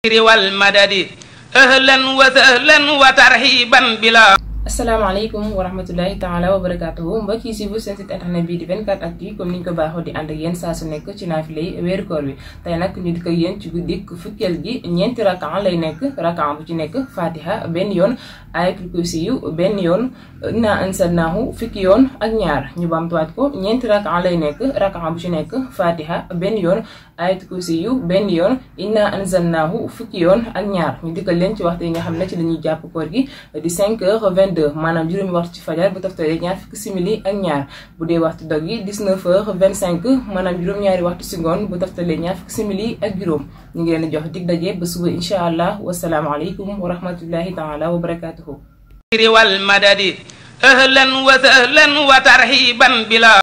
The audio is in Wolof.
wal madadi ahlan wa sahlan wa tarhiban bila asalaamaaleykum wa rahmatulahi taala wa barakaatuhu mbokk yi suivre seen site internet bii di 24 actu yi comme ni ñu ko baaxoo di ànd ak yéen saa su nekk ci naafilay weeru koor bi tey nag ñu di ko yéen ci guddik fukkeel lay nekk rakan bu ci nekk fatiha benn yoon ayatul kursi benn yoon inna ansalnaahu fukki yoon ak ñaar ñu bamtuwaat ko ñeenti rakan lay nekk rakan bu ci nekk fatiha benn yoon ayatul kursi yu benn yoon inna ansalnaahu fukki yoon ak ñaar ñu dikkal leen ci waxtu yi nga xam ne ci la ñuy jàpp koor gi di 5 heures 22 maanaam juróomi waxtu ci fajar bu toftalee ñaar fukki simili ak ñaar bu dee waxtu dog yi 19 heures 25 maanaam juróom-ñaari waxtu si ngoon bu toftalee ñaar fukki simili ak juróom ñu ngi leen jox dig daje ba suba incha allah wasalaamualeykum wa rahmatullahi taala wa riwal madadi ahlan wa sahlan wa tarhiban bila